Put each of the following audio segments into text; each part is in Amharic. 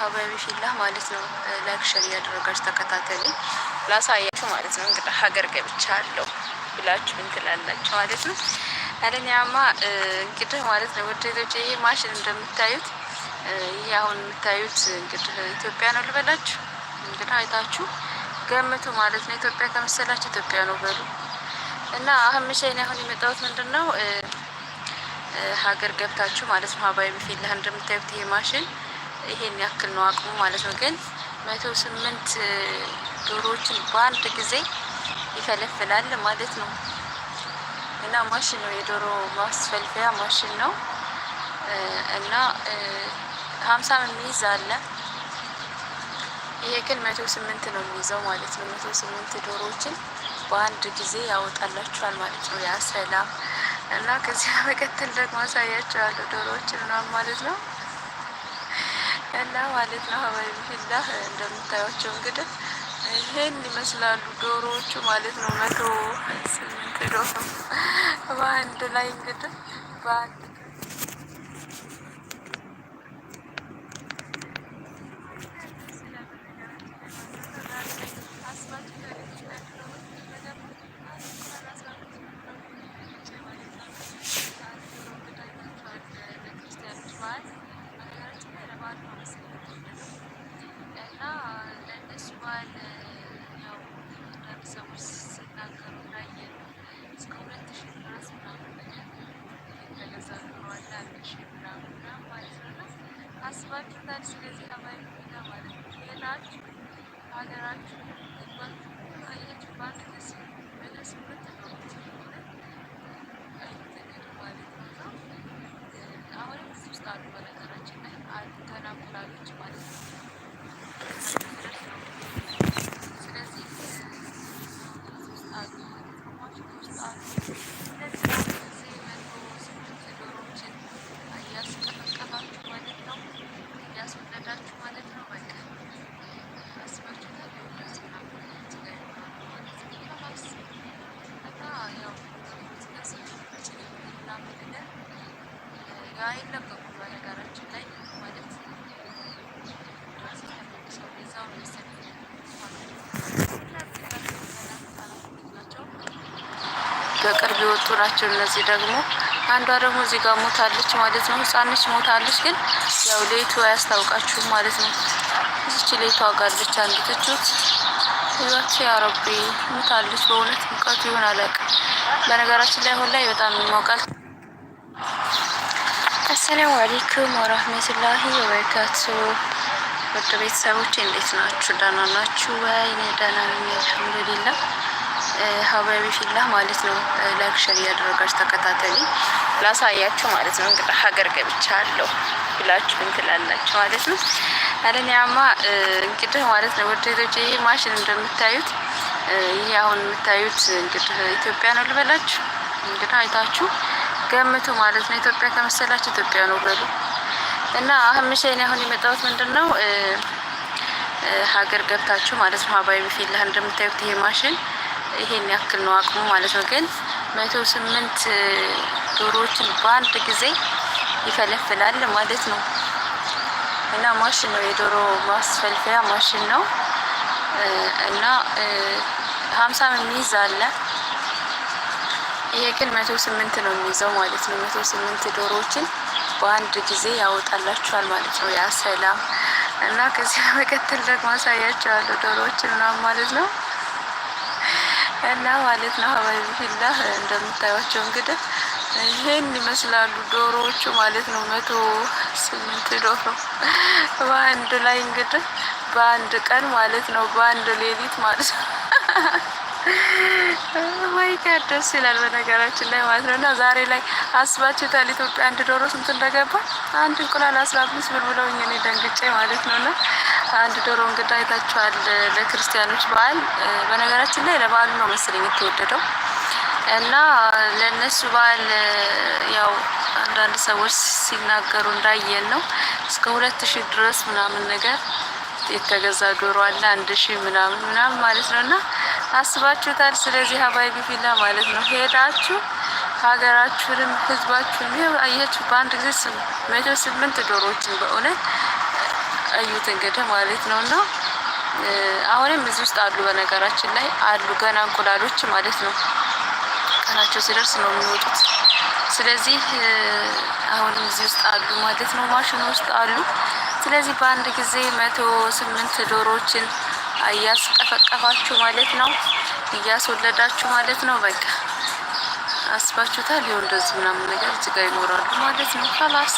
ሀበቢ ፊላ ማለት ነው። ላይክ ሸር እያደረጋችሁ ተከታተሉኝ ላሳያችሁ ማለት ነው። እንግዲህ ሀገር ገብቻለሁ ብላችሁ እንትላላችሁ ማለት ነው። አለኛማ እንግዲህ ማለት ነው ወደቶች ይሄ ማሽን እንደምታዩት ይሄ አሁን የምታዩት እንግዲህ ኢትዮጵያ ነው ልበላችሁ። እንግዲህ አይታችሁ ገምቱ ማለት ነው። ኢትዮጵያ ከመሰላችሁ ኢትዮጵያ ነው በሉ እና አሁን ምሸይን አሁን የመጣሁት ምንድን ነው ሀገር ገብታችሁ ማለት ነው። ሀባይ ቢፊላህ እንደምታዩት ይሄ ማሽን ይሄን ያክል ነው አቅሙ ማለት ነው። ግን መቶ ስምንት ዶሮዎችን በአንድ ጊዜ ይፈለፍላል ማለት ነው። እና ማሽን ነው የዶሮ ማስፈልፈያ ማሽን ነው። እና ሀምሳም የሚይዝ አለ። ይሄ ግን መቶ ስምንት ነው የሚይዘው ማለት ነው። መቶ ስምንት ዶሮዎችን በአንድ ጊዜ ያወጣላችኋል ማለት ነው። ያሰላም እና ከዚያ በቀጥል ደግሞ አሳያችኋለሁ ዶሮዎችን ምናምን ማለት ነው። እና ማለት ነው ሀባይ ፊላ እንደምታያቸው እንግዲህ ይሄን ይመስላሉ ዶሮዎቹ ማለት ነው። መቶ ስምንት ዶሮ በአንድ ላይ እንግዲህ በአንድ ስለሌለን በነገራችን ላይ ማለት በቅርብ የወጡ ናቸው። እነዚህ ደግሞ አንዷ ደግሞ እዚህ ጋር ሞታለች ማለት ነው። ህፃነች ሞታለች፣ ግን ያው ሌቱ አያስታውቃችሁም ማለት ነው። እዚች ሌቱ አጋለች አንዲትችት ህይወት ያረቢ ሞታለች። በእውነት ሙቀቱ ይሆን አላውቅም። በነገራችን ላይ አሁን ላይ በጣም ይሞቃል። አሰላሙ አሌይኩም ወራህመቱላሂ ወበረካቱ። ወደ ቤተሰቦች እንዴት ናችሁ? ደህና ናችሁ ወይ? እኔ ደህና ነኝ አልሐምዱሊላህ። ሀበቢ ፊላ ማለት ነው። ላክሸር እያደረጋችሁ ተከታተሊ ላሳያችሁ ማለት ነው። እንግዲህ ሀገር ገብቻለሁ ብላችሁ እንትላላችሁ ማለት ነው። አለኒያማ እንግዲህ ማለት ነው። ውድ ቤቶች ይሄ ማሽን እንደምታዩት ይህ አሁን የምታዩት እንግዲህ ኢትዮጵያ ነው ልበላችሁ እንግዲህ አይታችሁ ገምቱ ማለት ነው። ኢትዮጵያ ከመሰላችሁ ኢትዮጵያ ነው በሉ እና አህምሽ እኔ አሁን የመጣሁት ምንድን ነው ሀገር ገብታችሁ ማለት ነው ሀባይ ቢፊል እንደምታዩት ይሄ ማሽን ይሄን ያክል ነው አቅሙ ማለት ነው። ግን መቶ ስምንት ዶሮዎችን በአንድ ጊዜ ይፈለፍላል ማለት ነው እና ማሽን ነው የዶሮ ማስፈልፈያ ማሽን ነው እና ሀምሳ የሚይዝ አለ ይሄ ግን መቶ ስምንት ነው የሚይዘው ማለት ነው። መቶ ስምንት ዶሮዎችን በአንድ ጊዜ ያወጣላችኋል ማለት ነው። ያ እና ከዚህ በመቀጠል ደግሞ አሳያቸዋለሁ ዶሮዎችን ምናምን ማለት ነው እና ማለት ነው ሀባይ እንደምታዩቸው እንግዲህ ይህን ይመስላሉ ዶሮዎቹ ማለት ነው። መቶ ስምንት ዶሮ በአንድ ላይ እንግዲህ በአንድ ቀን ማለት ነው በአንድ ሌሊት ማለት ነው ወይ ደስ ይላል። በነገራችን ላይ ማለት ነው እና ዛሬ ላይ አስባችሁታል? ኢትዮጵያ አንድ ዶሮ ስንት እንደገባ? አንድ እንቁላል አስራ አምስት ብር ብለውኝ እኔ ደንግጬ ማለት ነው እና አንድ ዶሮ እንግዳ አይታችኋል? ለክርስቲያኖች በዓል በነገራችን ላይ ለበዓሉ ነው መሰለኝ የተወደደው እና ለእነሱ በዓል ያው አንዳንድ ሰዎች ሲናገሩ እንዳየን ነው እስከ ሁለት ሺህ ድረስ ምናምን ነገር የተገዛ ዶሮ አለ አንድ ሺህ ምናምን ምናምን ማለት ነው እና አስባችሁታል። ስለዚህ ሀባይቢ ቢፊላ ማለት ነው ሄዳችሁ ሀገራችሁንም ህዝባችሁን አያችሁ። በአንድ ጊዜ መቶ ስምንት ዶሮዎችን በእውነት እዩት እንግዲህ ማለት ነው እና አሁንም እዚህ ውስጥ አሉ። በነገራችን ላይ አሉ ገና እንቁላሎች ማለት ነው ቀናቸው ሲደርስ ነው የሚወጡት። ስለዚህ አሁንም እዚህ ውስጥ አሉ ማለት ነው፣ ማሽኑ ውስጥ አሉ። ስለዚህ በአንድ ጊዜ መቶ ስምንት ዶሮዎችን እያስቀፈቀፋችሁ ማለት ነው፣ እያስወለዳችሁ ማለት ነው። በቃ አስባችሁታል። ይኸው እንደዚህ ምናምን ነገር እዚህ ጋር ይኖራሉ ማለት ነው። ከላስ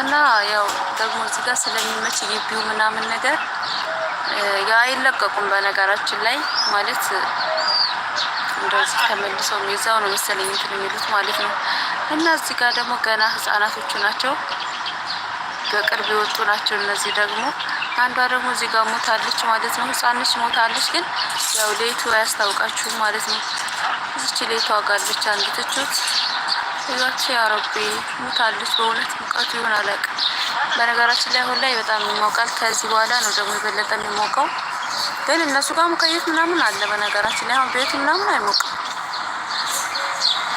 እና ያው ደግሞ እዚህ ጋር ስለሚመች ግቢው ምናምን ነገር ያ አይለቀቁም። በነገራችን ላይ ማለት እንደዚህ ተመልሰው የዛው ነው መሰለኝ እንትን የሚሉት ማለት ነው። እና እዚህ ጋር ደግሞ ገና ህጻናቶቹ ናቸው፣ በቅርብ የወጡ ናቸው። እነዚህ ደግሞ አንዷ ደግሞ እዚህ ጋር ሞታለች ማለት ነው። ህፃንች ሞታለች፣ ግን ያው ሌቱ አያስታውቃችሁም ማለት ነው። እዚች ሌቱ አጋለች አንዲትችት ህይወት ያረቢ ሞታለች። በእውነት ሙቀቱ ይሆን አላውቅም። በነገራችን ላይ አሁን ላይ በጣም ይሞቃል። ከዚህ በኋላ ነው ደግሞ የበለጠ የሚሞቀው፣ ግን እነሱ ጋር ሙቀየት ምናምን አለ። በነገራችን ላይ አሁን ቤቱ ምናምን አይሞቅም።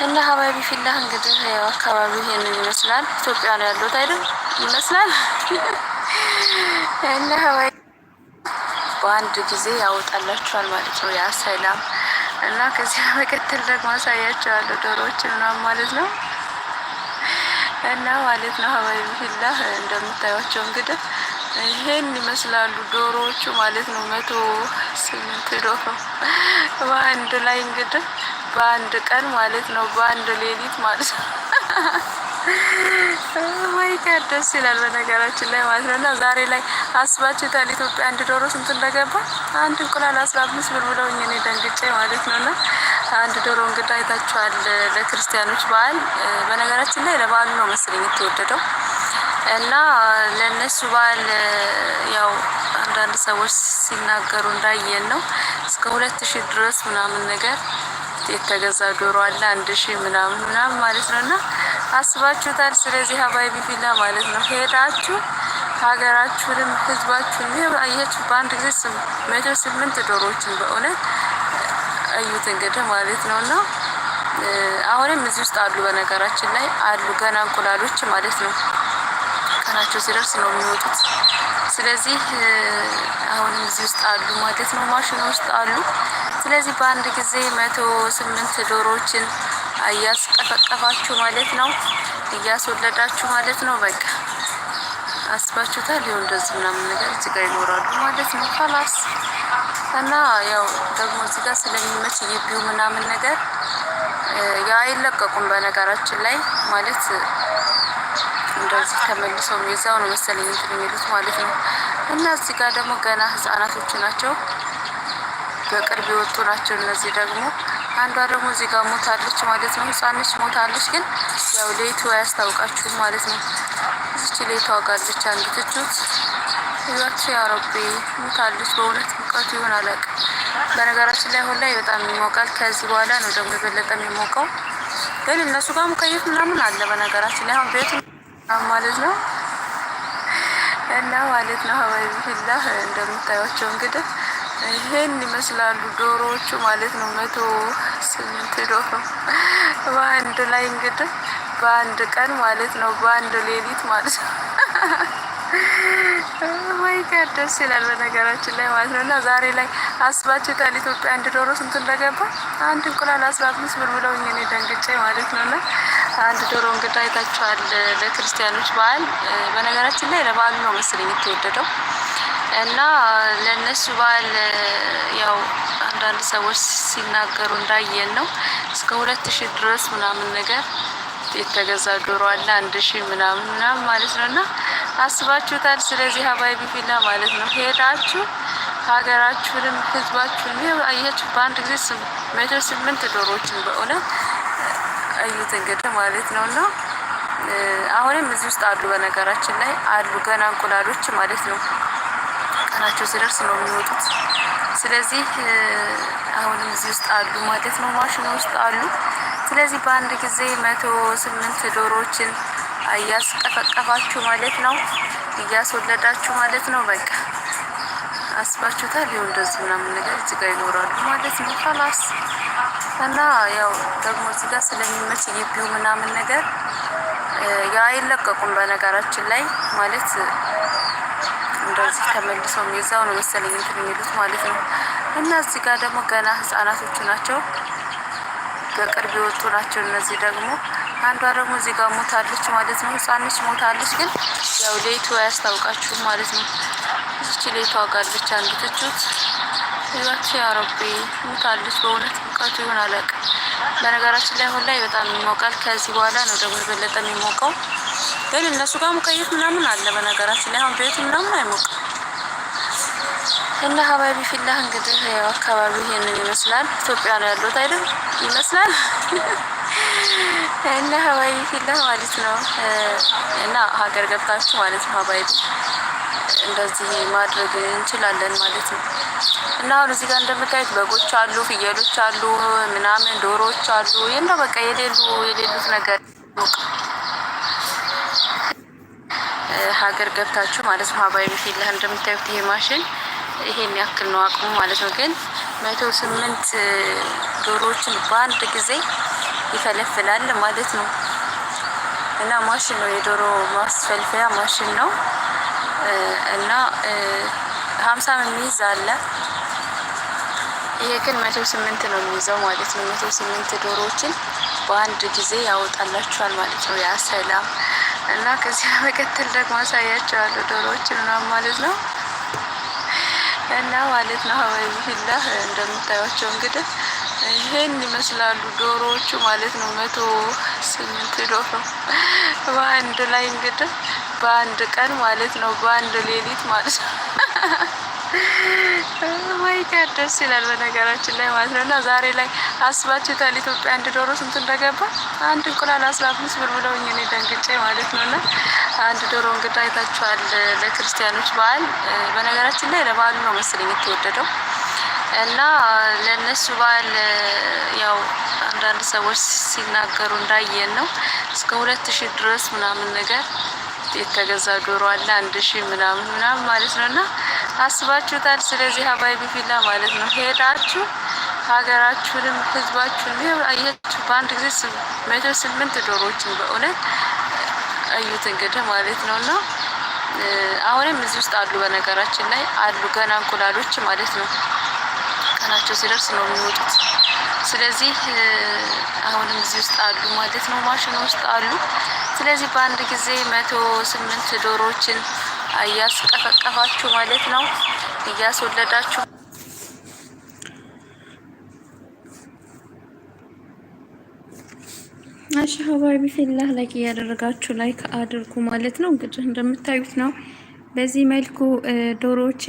እና ሀባቢ ፊላህ እንግዲህ ያው አካባቢ ይሄንን ይመስላል። ኢትዮጵያ ነው ያለሁት አይደል? ይመስላል እና በአንድ ጊዜ ያወጣላችኋል ማለት ነው። ያ ሰላም እና ከዚህ መቀጠል ደግሞ አሳያቸዋለሁ ዶሮዎችን ምናምን ማለት ነው እና ማለት ነው ሀባይ ፊላ እንደምታዩቸው እንግዲህ ይህን ይመስላሉ ዶሮዎቹ ማለት ነው። መቶ ስምንት ዶሮ በአንድ ላይ እንግዲህ በአንድ ቀን ማለት ነው፣ በአንድ ሌሊት ማለት ነው። ወይ ደስ ይላል። በነገራችን ላይ ማለት ነው እና ዛሬ ላይ አስባችሁታል? ኢትዮጵያ አንድ ዶሮ ስንት እንደገባ? አንድ እንቁላል አስራ አምስት ብር ብለው እኔ ደንግጬ ማለት ነው እና አንድ ዶሮ እንግዳ አይታችኋል። ለክርስቲያኖች በዓል በነገራችን ላይ ለበዓሉ ነው መሰለኝ የተወደደው እና ለእነሱ በዓል ያው አንዳንድ ሰዎች ሲናገሩ እንዳየን ነው እስከ ሁለት ሺህ ድረስ ምናምን ነገር የተገዛ ዶሮ አለ አንድ ሺህ ምናምን ምናምን ማለት ነው እና አስባችሁታል። ስለዚህ ሀባይ ቢቢላ ማለት ነው ሄዳችሁ ሀገራችሁንም ህዝባችሁን የባየች በአንድ ጊዜ መቶ ስምንት ዶሮዎችን በእውነት እዩት እንግዲህ ማለት ነው እና አሁንም እዚህ ውስጥ አሉ። በነገራችን ላይ አሉ ገና እንቁላሎች ማለት ነው ቀናቸው ሲደርስ ነው የሚወጡት። ስለዚህ አሁንም እዚህ ውስጥ አሉ ማለት ነው፣ ማሽኑ ውስጥ አሉ። ስለዚህ በአንድ ጊዜ መቶ ስምንት ዶሮዎችን አያስ እያስፈቀፋችሁ ማለት ነው፣ እያስወለዳችሁ ማለት ነው። በቃ አስባችሁታል። ይሁን እንደዚህ ምናምን ነገር እዚህ ጋር ይኖራሉ ማለት ነው። ከላስ እና ያው ደግሞ እዚህ ጋር ስለሚመች ግቢው ምናምን ነገር ያ አይለቀቁም። በነገራችን ላይ ማለት እንደዚህ ተመልሰው የዛው ነው መሰለኝ እንትን የሚሉት ማለት ነው። እና እዚህ ጋር ደግሞ ገና ህጻናቶች ናቸው። በቅርብ የወጡ ናቸው። እነዚህ ደግሞ አንዷ ደግሞ እዚህ ጋር ሞታለች ማለት ነው። ህጻነች ሞታለች፣ ግን ያው ሌቱ አያስታውቃችሁም ማለት ነው። እዚች ሌቱ ዋጋለች አንዱ ትቹት ህይወት ያረቢ ሞታለች። በእውነት ሙቀቱ ይሆን አላቅ። በነገራችን ላይ አሁን ላይ በጣም ይሞቃል። ከዚህ በኋላ ነው ደግሞ የበለጠ የሚሞቀው። ግን እነሱ ጋር ሙቀየት ምናምን አለ። በነገራችን ላይ አሁን ቤቱ ማለት ነው እና ማለት ነው ሀባይ ብላ እንደምታዩቸው እንግዲህ ይህን ይመስላሉ ዶሮዎቹ ማለት ነው። መቶ ስምንት ዶሮ በአንድ ላይ እንግዲህ በአንድ ቀን ማለት ነው፣ በአንድ ሌሊት ማለት ነው። ወይ ጋር ደስ ይላል በነገራችን ላይ ማለት ነው። እና ዛሬ ላይ አስባችሁታል? ኢትዮጵያ አንድ ዶሮ ስንት እንደገባ አንድ እንቁላል አስራ አምስት ብር ብለውኝ እኔ ደንግጬ ማለት ነው። እና አንድ ዶሮ እንግዲህ አይታችኋል። ለክርስቲያኖች በዓል በነገራችን ላይ ለበዓሉ ነው መሰለኝ የተወደደው እና ለእነሱ በዓል ያው አንዳንድ ሰዎች ሲናገሩ እንዳየን ነው እስከ ሁለት ሺህ ድረስ ምናምን ነገር የተገዛ ዶሮ አለ አንድ ሺህ ምናምን ምናምን ማለት ነው እና አስባችሁታል። ስለዚህ ሀባይ ቢፊላ ማለት ነው ሄዳችሁ ሀገራችሁንም ህዝባችሁን አያችሁ። በአንድ ጊዜ መቶ ስምንት ዶሮዎችን በእውነት እዩት እንግዲህ ማለት ነው እና አሁንም እዚህ ውስጥ አሉ፣ በነገራችን ላይ አሉ ገና እንቁላሎች ማለት ነው። እንትናቸው ሲደርስ ነው የሚወጡት። ስለዚህ አሁንም እዚህ ውስጥ አሉ ማለት ነው፣ ማሽኑ ውስጥ አሉ። ስለዚህ በአንድ ጊዜ መቶ ስምንት ዶሮዎችን እያስቀፈቀፋችሁ ማለት ነው፣ እያስወለዳችሁ ማለት ነው። በቃ አስባችሁታል። ይኸው እንደዚህ ምናምን ነገር እዚህ ጋር ይኖራሉ ማለት ነው። ከላስ እና ያው ደግሞ እዚህ ጋር ስለሚመች ግቢው ምናምን ነገር ያ አይለቀቁም በነገራችን ላይ ማለት እንደዚህ ተመልሰው የሚይዛው ነው መሰለኝ እንትን የሚሉት ማለት ነው። እና እዚህ ጋር ደግሞ ገና ህጻናቶቹ ናቸው፣ በቅርብ የወጡ ናቸው። እነዚህ ደግሞ አንዷ ደግሞ እዚህ ጋር ሞታለች ማለት ነው። ህጻነች ሞታለች፣ ግን ያው ሌቱ አያስታውቃችሁም ማለት ነው። እዚች ሌቱ ጋር አንዱትችት እንድትችት ህይወት ያረቢ ሞታለች። በእውነት ሙቀቱ ይሆን አላውቅም። በነገራችን ላይ አሁን ላይ በጣም ይሞቃል። ከዚህ በኋላ ነው ደግሞ የበለጠ የሚሞቀው። ግን እነሱ ጋር ሙቀየት ምናምን አለ። በነገራችን ላይ አሁን ቤቱ ምናምን አይሞቅም እና ሀባቢ ፊላህ እንግዲህ ያው አካባቢ ይሄንን ይመስላል። ኢትዮጵያ ነው ያለሁት አይደል ይመስላል እና ሀባቢ ፊላህ ማለት ነው። እና ሀገር ገብታችሁ ማለት ነው ሀባቢ እንደዚህ ማድረግ እንችላለን ማለት ነው። እና አሁን እዚህ ጋር እንደምታዩት በጎች አሉ፣ ፍየሎች አሉ፣ ምናምን ዶሮዎች አሉ። ይሄና በቃ የሌሉ የሌሉት ነገር ሀገር ገብታችሁ ማለት ነው። ሀባይ እንደምታዩት ይሄ ማሽን ይሄን ያክል ነው አቅሙ ማለት ነው። ግን መቶ ስምንት ዶሮዎችን በአንድ ጊዜ ይፈለፍላል ማለት ነው። እና ማሽን ነው፣ የዶሮ ማስፈልፈያ ማሽን ነው። እና ሀምሳ የሚይዝ አለ። ይሄ ግን መቶ ስምንት ነው የሚይዘው ማለት ነው። መቶ ስምንት ዶሮዎችን በአንድ ጊዜ ያወጣላችኋል ማለት ነው። ያ ሰላም እና ከዚህ በመቀጠል ደግሞ አሳያቸዋለሁ ዶሮዎች ምናምን ማለት ነው እና ማለት ነው ሀዋይ ቢላ እንደምታዩቸው እንግዲህ ይህን ይመስላሉ ዶሮዎቹ ማለት ነው። መቶ ስምንት ዶሮ በአንድ ላይ እንግዲህ በአንድ ቀን ማለት ነው በአንድ ሌሊት ማለት ነው ወይ ደስ ይላል። በነገራችን ላይ ማለት ነው እና ዛሬ ላይ አስባችሁታል? ኢትዮጵያ አንድ ዶሮ ስንት እንደገባ? አንድ እንቁላል አስራ አምስት ብር ብለውኝ እኔ ደንግጬ ማለት ነው እና አንድ ዶሮ እንግዳ አይታችኋል። ለክርስቲያኖች በዓል በነገራችን ላይ ለበዓሉ ነው መሰለኝ የተወደደው እና ለእነሱ በዓል ያው አንዳንድ ሰዎች ሲናገሩ እንዳየን ነው እስከ ሁለት ሺህ ድረስ ምናምን ነገር የተገዛ ዶሮ አለ አንድ ሺህ ምናምን ምናምን ማለት ነው እና አስባችሁታል። ስለዚህ አባይ ቢፊላ ማለት ነው ሄዳችሁ ሀገራችሁንም ህዝባችሁን አያችሁ በአንድ ጊዜ መቶ ስምንት ዶሮዎችን በእውነት እዩት እንግዲህ ማለት ነው እና አሁንም እዚህ ውስጥ አሉ። በነገራችን ላይ አሉ ገና እንቁላሎች ማለት ነው። ቀናቸው ሲደርስ ነው የሚወጡት። ስለዚህ አሁንም እዚህ ውስጥ አሉ ማለት ነው። ማሽኑ ውስጥ አሉ። ስለዚህ በአንድ ጊዜ መቶ ስምንት ዶሮዎችን እያስቀፈቀፋችሁ ማለት ነው እያስወለዳችሁ እሺ ሀባቢ ፊላህ ላይክ እያደረጋችሁ ላይክ አድርጉ ማለት ነው። እንግዲህ እንደምታዩት ነው በዚህ መልኩ ዶሮቼ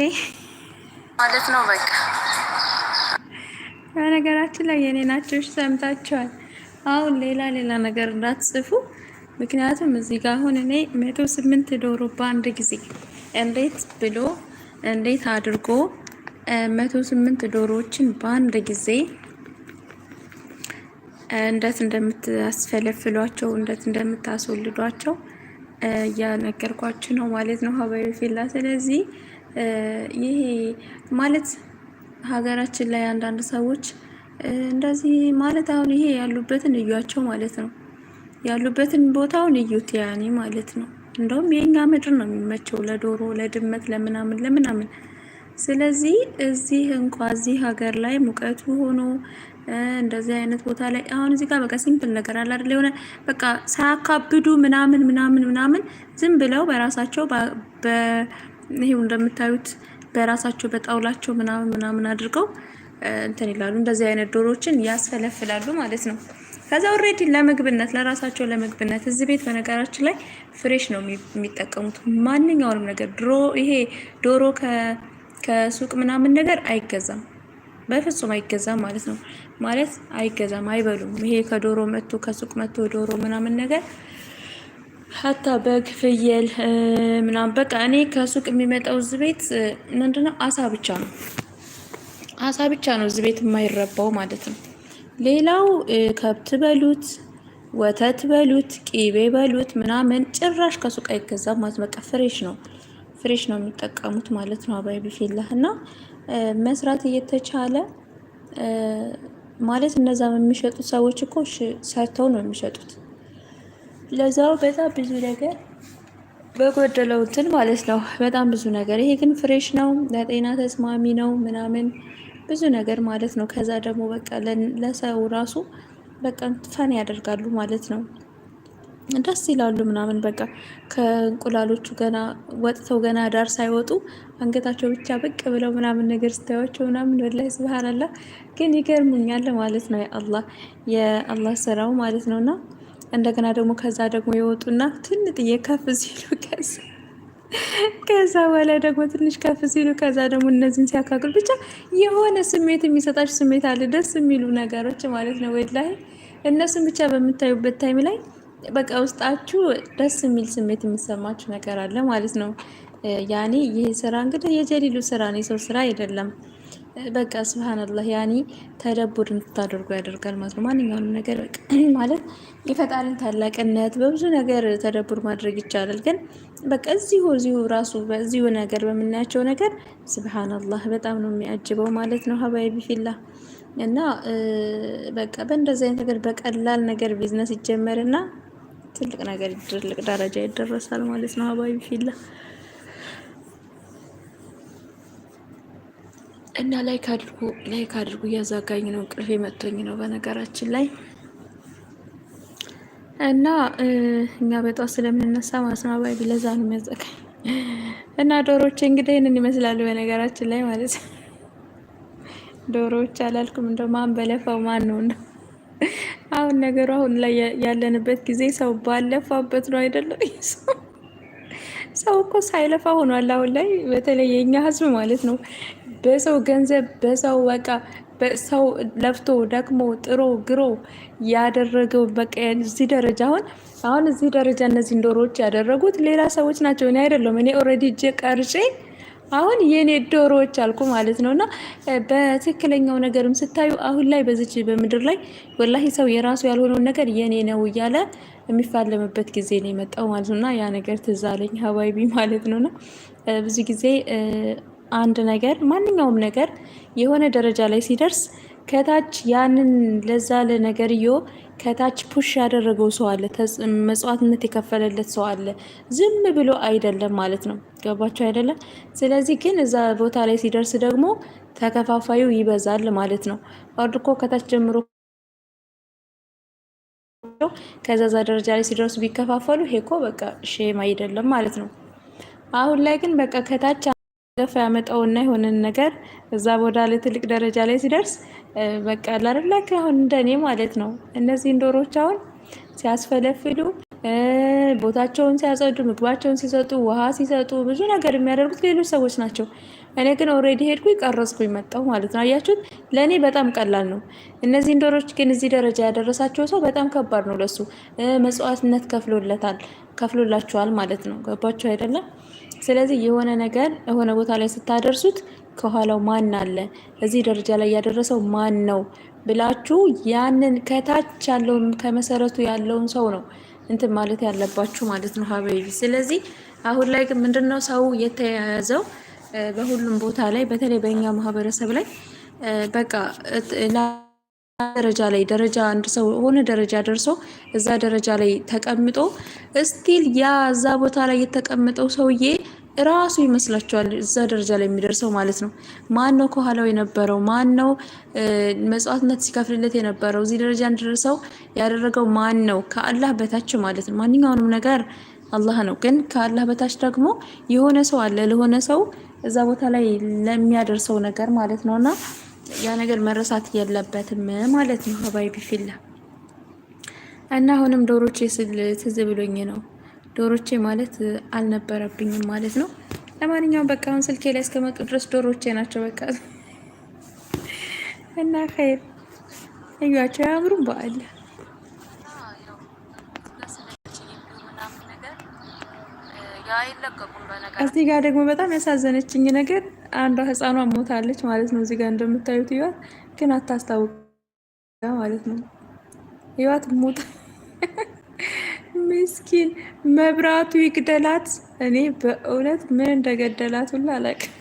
ማለት ነው። በቃ በነገራችን ላይ የኔ ናቸው ሰምታችኋል። አሁን ሌላ ሌላ ነገር እንዳትጽፉ ምክንያቱም እዚህ ጋር አሁን እኔ መቶ ስምንት ዶሮ በአንድ ጊዜ እንዴት ብሎ እንዴት አድርጎ መቶ ስምንት ዶሮዎችን በአንድ ጊዜ እንዴት እንደምታስፈለፍሏቸው እንዴት እንደምታስወልዷቸው እያነገርኳችሁ ነው ማለት ነው ሀበሬ ፊላ። ስለዚህ ይሄ ማለት ሀገራችን ላይ አንዳንድ ሰዎች እንደዚህ ማለት አሁን ይሄ ያሉበትን እዩዋቸው ማለት ነው ያሉበትን ቦታውን እዩት ያኔ ማለት ነው። እንደውም የኛ ምድር ነው የሚመቸው ለዶሮ፣ ለድመት፣ ለምናምን ለምናምን። ስለዚህ እዚህ እንኳ እዚህ ሀገር ላይ ሙቀቱ ሆኖ እንደዚህ አይነት ቦታ ላይ አሁን እዚህ ጋር በቃ ሲምፕል ነገር አለ አይደል? የሆነ በቃ ሳያካብዱ ምናምን ምናምን ምናምን ዝም ብለው በራሳቸው ይሄው እንደምታዩት በራሳቸው በጣውላቸው ምናምን ምናምን አድርገው እንትን ይላሉ። እንደዚህ አይነት ዶሮዎችን ያስፈለፍላሉ ማለት ነው። ከዛ ኦልሬዲ ለምግብነት ለራሳቸው ለምግብነት እዚህ ቤት በነገራችን ላይ ፍሬሽ ነው የሚጠቀሙት ማንኛውንም ነገር። ድሮ ይሄ ዶሮ ከሱቅ ምናምን ነገር አይገዛም፣ በፍጹም አይገዛም ማለት ነው። ማለት አይገዛም፣ አይበሉም። ይሄ ከዶሮ መቶ ከሱቅ መቶ ዶሮ ምናምን ነገር ሀታ በግ ፍየል ምናምን በቃ እኔ ከሱቅ የሚመጣው እዚህ ቤት ምንድነው አሳ ብቻ ነው፣ አሳ ብቻ ነው እዚህ ቤት የማይረባው ማለት ነው። ሌላው ከብት በሉት ወተት በሉት ቂቤ በሉት ምናምን ጭራሽ ከሱቅ አይገዛም ማለት በቃ ፍሬሽ ነው ፍሬሽ ነው የሚጠቀሙት ማለት ነው። አባይ ቢፊላህ እና መስራት እየተቻለ ማለት እነዛ የሚሸጡት ሰዎች እኮ ሰርተው ነው የሚሸጡት። ለዛው በጣም ብዙ ነገር በጎደለው እንትን ማለት ነው። በጣም ብዙ ነገር። ይሄ ግን ፍሬሽ ነው፣ ለጤና ተስማሚ ነው ምናምን ብዙ ነገር ማለት ነው። ከዛ ደግሞ በቃ ለሰው ራሱ በቃ ፈን ያደርጋሉ ማለት ነው። ደስ ይላሉ ምናምን በቃ ከእንቁላሎቹ ገና ወጥተው ገና ዳር ሳይወጡ አንገታቸው ብቻ ብቅ ብለው ምናምን ነገር ስታያቸው ምናምን ወላሂ ስብሃናላ ግን ይገርሙኛል ማለት ነው። የአላህ የአላህ ስራው ማለት ነው። እና እንደገና ደግሞ ከዛ ደግሞ የወጡና ትንጥዬ ከፍ ሲሉ ከዛ ከዛ በኋላ ደግሞ ትንሽ ከፍ ሲሉ ከዛ ደግሞ እነዚህን ሲያካክሉ ብቻ የሆነ ስሜት የሚሰጣች ስሜት አለ። ደስ የሚሉ ነገሮች ማለት ነው። ወድ ላይ እነሱን ብቻ በምታዩበት ታይም ላይ በቃ ውስጣችሁ ደስ የሚል ስሜት የሚሰማችሁ ነገር አለ ማለት ነው። ያኔ ይህ ስራ እንግዲህ የጀሊሉ ስራ ነው፣ የሰው ስራ አይደለም። በቃ ስብሃንላህ ያኒ ተደቡር እንድታደርጉ ያደርጋል ማለት ነው። ማንኛውንም ነገር ማለት የፈጣሪን ታላቅነት በብዙ ነገር ተደቡር ማድረግ ይቻላል። ግን በቃ እዚሁ እዚሁ ራሱ በዚሁ ነገር በምናያቸው ነገር ስብሃንላህ በጣም ነው የሚያጅበው ማለት ነው። ሀባይ ቢፊላ እና በቃ በእንደዚህ አይነት ነገር በቀላል ነገር ቢዝነስ ይጀመርና ትልቅ ነገር ትልቅ ደረጃ ይደረሳል ማለት ነው። ሀባይ ቢፊላ እና ላይክ አድርጉ፣ ላይክ አድርጉ። እያዛጋኝ ነው፣ እንቅልፍ መጥቶኝ ነው በነገራችን ላይ እና እኛ በጠዋት ስለምንነሳ ማስማባይ ብለዛ ነው የሚያዘጋኝ። እና ዶሮዎች እንግዲህ ይህንን ይመስላሉ በነገራችን ላይ ማለት ነው። ዶሮዎች አላልኩም እንደ ማን በለፋው ማን ነው እንደ አሁን ነገሩ አሁን ላይ ያለንበት ጊዜ ሰው ባለፋበት ነው አይደለም። ሰው እኮ ሳይለፋ ሆኗል አሁን ላይ በተለይ የኛ ህዝብ ማለት ነው። በሰው ገንዘብ በሰው በቃ በሰው ለፍቶ ደክሞ ጥሮ ግሮ ያደረገው በቃ እዚህ ደረጃ አሁን አሁን እዚህ ደረጃ እነዚህን ዶሮዎች ያደረጉት ሌላ ሰዎች ናቸው፣ እኔ አይደለም። እኔ ኦልሬዲ እጄ ቀርጬ አሁን የእኔ ዶሮዎች አልኩ ማለት ነው። እና በትክክለኛው ነገርም ስታዩ አሁን ላይ በዚች በምድር ላይ ወላሂ ሰው የራሱ ያልሆነውን ነገር የእኔ ነው እያለ የሚፋለምበት ጊዜ ነው የመጣው ማለት ነው። እና ያ ነገር ትዝ አለኝ ሀባይቢ ማለት ነው። እና ብዙ ጊዜ አንድ ነገር ማንኛውም ነገር የሆነ ደረጃ ላይ ሲደርስ ከታች ያንን ለዛ ለነገርዮ ከታች ፑሽ ያደረገው ሰው አለ፣ መስዋዕትነት የከፈለለት ሰው አለ። ዝም ብሎ አይደለም ማለት ነው። ገባቸው አይደለም። ስለዚህ ግን እዛ ቦታ ላይ ሲደርስ ደግሞ ተከፋፋዩ ይበዛል ማለት ነው። ወርድ እኮ ከታች ጀምሮ ከዛዛ ደረጃ ላይ ሲደርሱ ቢከፋፈሉ ሄኮ በቃ ሼም አይደለም ማለት ነው። አሁን ላይ ግን በቃ ከታች ለፈ ያመጣውና የሆነን ነገር እዛ ቦታ ላይ ትልቅ ደረጃ ላይ ሲደርስ በቃ ላረላክ አሁን እንደኔ ማለት ነው። እነዚህን ዶሮች አሁን ሲያስፈለፍሉ ቦታቸውን ሲያጸዱ፣ ምግባቸውን ሲሰጡ፣ ውሃ ሲሰጡ ብዙ ነገር የሚያደርጉት ሌሎች ሰዎች ናቸው። እኔ ግን ኦልሬዲ ሄድኩ ቀረጽኩ መጣሁ ማለት ነው። አያችሁት? ለእኔ በጣም ቀላል ነው። እነዚህን ዶሮች ግን እዚህ ደረጃ ያደረሳቸው ሰው በጣም ከባድ ነው ለሱ። መጽዋዕትነት ከፍሎለታል ማለት ነው። ገባቸው አይደለም? ስለዚህ የሆነ ነገር የሆነ ቦታ ላይ ስታደርሱት ከኋላው ማን አለ፣ እዚህ ደረጃ ላይ ያደረሰው ማን ነው ብላችሁ ያንን ከታች ያለውን ከመሰረቱ ያለውን ሰው ነው እንትን ማለት ያለባችሁ ማለት ነው ሀበይ። ስለዚህ አሁን ላይ ግን ምንድነው ሰው የተያያዘው በሁሉም ቦታ ላይ በተለይ በእኛ ማህበረሰብ ላይ በቃ ደረጃ ላይ ደረጃ አንድ ሰው ሆነ ደረጃ ደርሶ እዛ ደረጃ ላይ ተቀምጦ እስቲል ያ እዛ ቦታ ላይ የተቀመጠው ሰውዬ እራሱ ይመስላችኋል እዛ ደረጃ ላይ የሚደርሰው ማለት ነው። ማን ነው ከኋላው የነበረው? ማን ነው መጽዋትነት ሲከፍልለት የነበረው? እዚህ ደረጃ እንዲደርሰው ያደረገው ማን ነው? ከአላህ በታች ማለት ነው። ማንኛውንም ነገር አላህ ነው። ግን ከአላህ በታች ደግሞ የሆነ ሰው አለ፣ ለሆነ ሰው እዛ ቦታ ላይ ለሚያደርሰው ነገር ማለት ነው እና ያ ነገር መረሳት የለበትም ማለት ነው። ሀባይ ቢፊላ እና አሁንም ዶሮቼ ስል ትዝ ብሎኝ ነው። ዶሮቼ ማለት አልነበረብኝም ማለት ነው። ለማንኛውም በቃ አሁን ስልኬ ላይ እስከመጡ ድረስ ዶሮቼ ናቸው በቃ እና ኸይር እያቸው አያምሩም በአለ እዚህ ጋር ደግሞ በጣም ያሳዘነችኝ ነገር አንዷ ህፃኗ ሞታለች ማለት ነው። እዚህ ጋር እንደምታዩት ህይወት ግን አታስታውቅ ማለት ነው። ህይወት ሞት ምስኪን መብራቱ ይግደላት። እኔ በእውነት ምን እንደገደላት ሁላ አላውቅም።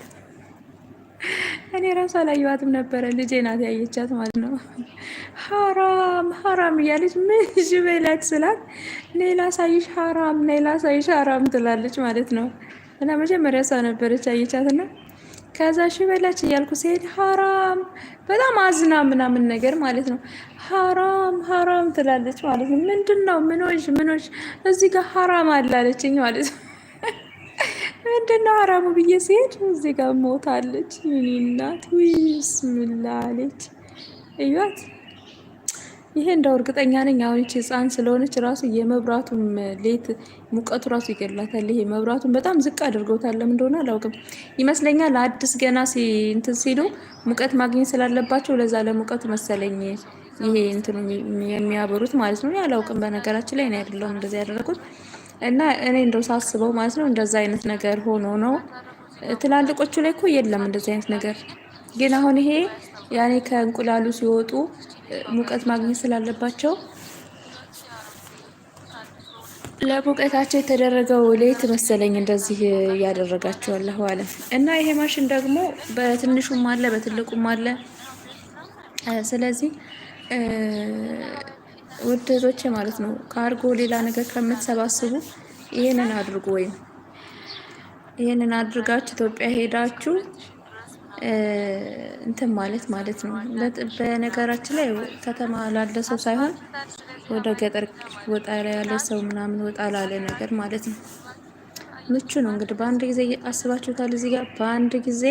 እኔ ራሷ ላይ ህይወትም ነበረ ልጄ ናት ያየቻት ማለት ነው። ሀራም ሀራም እያለች ምን በላት ስላት ሌላ ሳይሽ ሀራም ሌላ ሳይሽ ሀራም ትላለች ማለት ነው። እና መጀመሪያ እሷ ነበረች ያየቻትና ከዛ ሺ በላች እያልኩ ሲሄድ ሀራም በጣም አዝና ምናምን ነገር ማለት ነው። ሀራም ሀራም ትላለች ማለት ነው። ምንድን ነው ምኖች ምኖች እዚህ ጋር ሀራም አላለችኝ ማለት ነው። ምንድን ነው ሀራሙ ብዬ ሲሄድ እዚህ ጋር ሞታለች። ምን እናት ብስምላ ምላለች እያት ይሄ እንደው እርግጠኛ ነኝ አሁን ይቺ ህፃን ስለሆነች ራሱ የመብራቱም ሌት ሙቀቱ ራሱ ይገድላታል። ይሄ መብራቱን በጣም ዝቅ አድርገውታል። ለምን እንደሆነ አላውቅም። ይመስለኛል አዲስ ገና እንትን ሲሉ ሙቀት ማግኘት ስላለባቸው ለዛ ለሙቀቱ መሰለኝ ይሄ እንትኑ የሚያበሩት ማለት ነው። አላውቅም። በነገራችን ላይ እኔ አይደለሁም እንደዚ ያደረጉት እና እኔ እንደው ሳስበው ማለት ነው እንደዛ አይነት ነገር ሆኖ ነው። ትላልቆቹ ላይ እኮ የለም እንደዚህ አይነት ነገር ግን አሁን ይሄ ያኔ ከእንቁላሉ ሲወጡ ሙቀት ማግኘት ስላለባቸው ለሙቀታቸው የተደረገው ሌት መሰለኝ እንደዚህ እያደረጋቸው አላሁ አለም። እና ይሄ ማሽን ደግሞ በትንሹም አለ በትልቁም አለ። ስለዚህ ውድ ማለት ነው ካርጎ ሌላ ነገር ከምትሰባስቡ ይህንን አድርጉ ወይም ይህንን አድርጋችሁ ኢትዮጵያ ሄዳችሁ እንትን ማለት ማለት ነው። በነገራችን ላይ ከተማ ላለ ሰው ሳይሆን ወደ ገጠር ወጣ ያለ ሰው ምናምን ወጣ ላለ ነገር ማለት ነው። ምቹ ነው እንግዲህ በአንድ ጊዜ አስባችሁታል። እዚህ ጋር በአንድ ጊዜ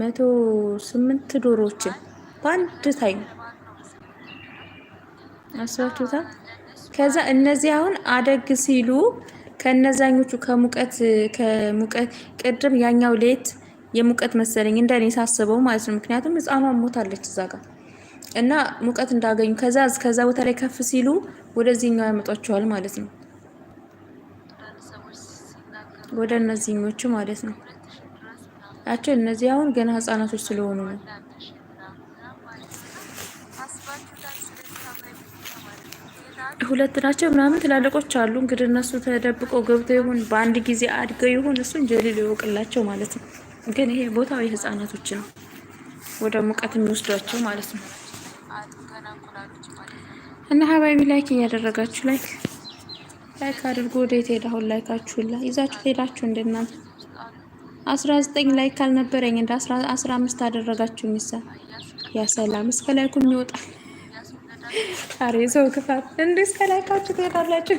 መቶ ስምንት ዶሮዎችን በአንድ ታይም አስባችሁታል። ከዛ እነዚህ አሁን አደግ ሲሉ ከነዛኞቹ ከሙቀት ከሙቀት ቅድም ያኛው ሌት የሙቀት መሰለኝ እንደኔ ሳስበው ማለት ነው። ምክንያቱም ህፃኗ ሞታለች እዛ ጋር እና ሙቀት እንዳገኙ ከዛ ከዛ ቦታ ላይ ከፍ ሲሉ ወደዚህኛው ያመጧቸዋል ማለት ነው። ወደ እነዚህኞቹ ማለት ነው ያቸው እነዚህ አሁን ገና ህፃናቶች ስለሆኑ ነው። ሁለት ናቸው ምናምን ትላልቆች አሉ። እንግዲህ እነሱ ተደብቀው ገብተው ይሁን በአንድ ጊዜ አድገው ይሁን እሱን ጀሊል ይወቅላቸው ማለት ነው። ግን ይሄ ቦታው የህፃናቶች ነው፣ ወደ ሙቀት የሚወስዷቸው ማለት ነው። እና ሀባይቢ ላይክ እያደረጋችሁ ላይክ ላይክ አድርጎ ወደ የት ሄዳ አሁን ላይካችሁላ ይዛችሁ ሄዳችሁ እንደናንተ አስራ ዘጠኝ ላይክ አልነበረኝ እንደ አስራ አምስት አደረጋችሁ ሚሳ ያ ሰላም እስከ ላይኩም ይወጣል። አሬ ሰው ክፋት እንደ እስከ ላይካችሁ ትሄዳላችሁ።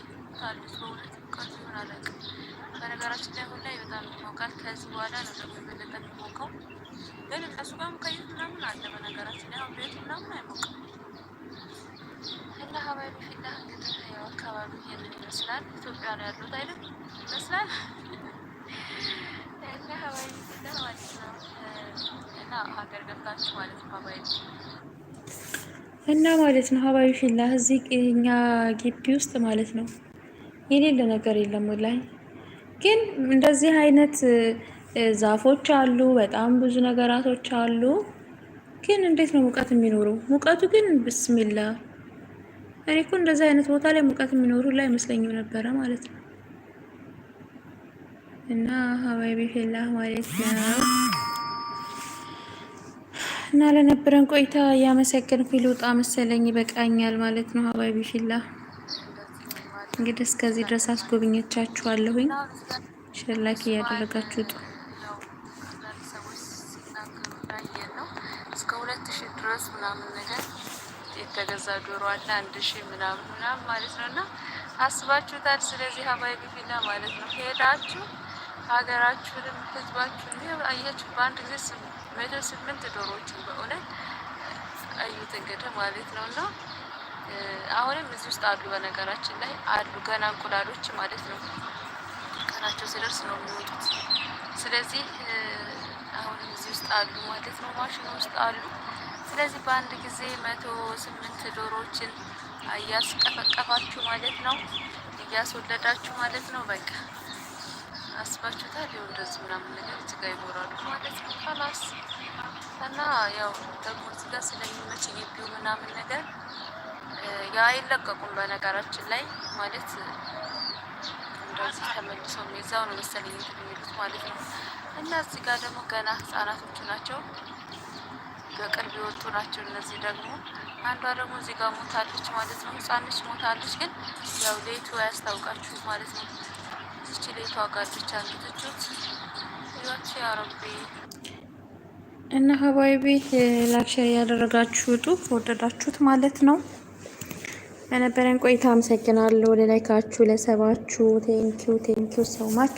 በነገራችን ላይ ሁላ ይሞቃል። ከዚህ በኋላ ነው ደግሞ የበለጠ የሚሞቀው። ግን እነሱ ጋር ምናምን አለ። በነገራችን ላይ አሁን ቤቱ ምናምን አይሞቅም እና ሀባቢ ፊላ እንግዲህ ያው አካባቢ ይመስላል። ኢትዮጵያ ነው ያሉት አይደል ይመስላል እና ፊላ ማለት ነው እና ሀገር ገብታችሁ ማለት ነው እና ማለት ነው ሀባቢ ፊላ እዚህ እኛ ግቢ ውስጥ ማለት ነው የሌለ ነገር የለም ላይ ግን እንደዚህ አይነት ዛፎች አሉ፣ በጣም ብዙ ነገራቶች አሉ። ግን እንዴት ነው ሙቀት የሚኖሩ? ሙቀቱ ግን ብስሚላ እኔ እኮ እንደዚህ አይነት ቦታ ላይ ሙቀት የሚኖሩ ላይ አይመስለኝም ነበረ ማለት ነው። እና ሀባይ ቢፌላ ማለት ነው። እና ለነበረን ቆይታ እያመሰገንኩ ልውጣ መሰለኝ፣ ይበቃኛል ማለት ነው። ሀባይ ቢፌላ እንግዲህ እስከዚህ ድረስ አስጎብኘቻችኋለሁኝ። ሸላኪ እያደረጋችሁ ጥሩ ድረስ ምናምን ነገር የተገዛ ዶሮ አለ አንድ ሺህ ምናምን ምናምን ማለት ነው። እና አስባችሁታል። ስለዚህ ሀባይ ቢቢላ ማለት ነው ሄዳችሁ ሀገራችሁንም ህዝባችሁን አያችሁ በአንድ ጊዜ መቶ ስምንት ዶሮዎችን በእውነት አዩት እንግዲህ ማለት ነው እና አሁንም እዚህ ውስጥ አሉ። በነገራችን ላይ አሉ ገና እንቁላሎች ማለት ነው። ቀናቸው ሲደርስ ነው የሚወጡት። ስለዚህ አሁንም እዚህ ውስጥ አሉ ማለት ነው፣ ማሽኑ ውስጥ አሉ። ስለዚህ በአንድ ጊዜ መቶ ስምንት ዶሮዎችን እያስቀፈቀፋችሁ ማለት ነው፣ እያስወለዳችሁ ማለት ነው። በቃ አስባችሁታል። ይኸው እንደዚህ ምናምን ነገር እዚህ ጋ ይኖራሉ ማለት ነው። ካላስ እና ያው ደግሞ እዚህ ስለሚመች ግቢው ምናምን ነገር አይለቀቁም። በነገራችን ላይ ማለት እንደዚህ ተመልሶ የሚዛው ነው መሰለኝ የሚሉት ማለት ነው። እና እዚህ ጋር ደግሞ ገና ህጻናቶቹ ናቸው፣ በቅርብ የወጡ ናቸው። እነዚህ ደግሞ አንዷ ደግሞ እዚህ ጋር ሞታለች ማለት ነው። ህጻነች ሞታለች፣ ግን ያው ሌቱ ያስታውቃችሁ ማለት ነው። እዚች ሌቱ አጋዶች አንዱትቹት ሌሎች ያረቤ እና ሀባይ ቤት ላክሸር ያደረጋችሁ ውጡ ወደዳችሁት ማለት ነው። በነበረን ቆይታ አመሰግናለሁ። ለላይካችሁ፣ ለሰባችሁ ቴንኪው ቴንኪው ሶ ማች